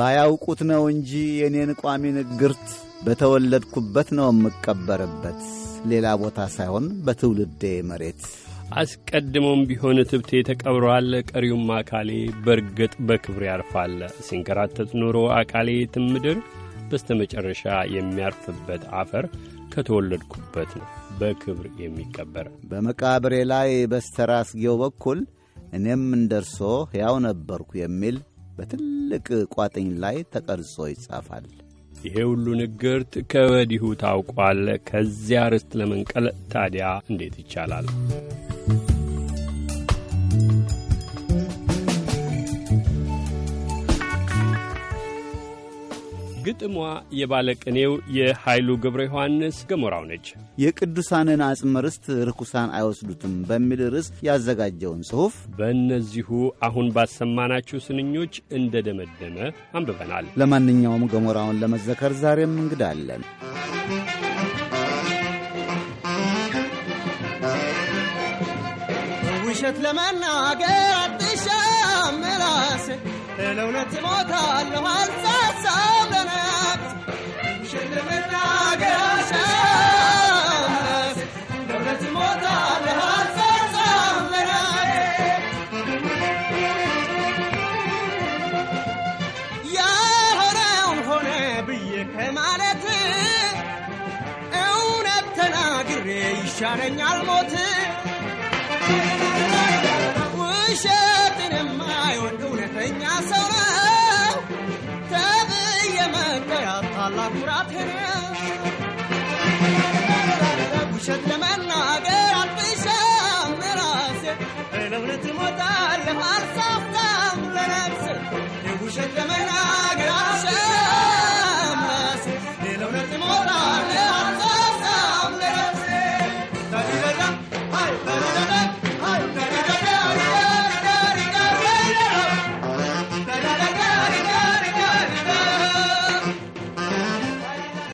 ባያውቁት ነው እንጂ የእኔን ቋሚ ንግርት በተወለድኩበት ነው የምቀበርበት፣ ሌላ ቦታ ሳይሆን በትውልዴ መሬት። አስቀድሞም ቢሆን ትብቴ ተቀብሯል፣ ቀሪውም አካሌ በርግጥ በክብር ያርፋል። ሲንከራተት ኖሮ አካሌ የትም ምድር በስተ መጨረሻ የሚያርፍበት አፈር ከተወለድኩበት ነው በክብር የሚቀበር። በመቃብሬ ላይ በስተራስጌው በኩል እኔም እንደርሶ ሕያው ነበርኩ የሚል በትል ትልቅ ቋጥኝ ላይ ተቀርጾ ይጻፋል። ይሄ ሁሉ ንግርት ከወዲሁ ታውቋል። ከዚያ ርስት ለመንቀል ታዲያ እንዴት ይቻላል? ግጥሟ የባለቅኔው የኃይሉ ገብረ ዮሐንስ ገሞራው ነች። የቅዱሳንን አጽም ርስት ርኩሳን አይወስዱትም በሚል ርዕስ ያዘጋጀውን ጽሑፍ በእነዚሁ አሁን ባሰማናችሁ ስንኞች እንደደመደመ አንብበናል። ለማንኛውም ገሞራውን ለመዘከር ዛሬም እንግዳለን። ውሸት ለመናገር አትሻም ራሴ ለእውነት ሞታለሁ ከማለት እውነት ተናግሬ ይሻለኛል ሞት። ውሸትን የማይወድ እውነተኛ ሰው ነው ተብዬ ታላቅ ኩራት ነው። ውሸት ለመናገር አልፍሻም ራሴ ሞታለሁ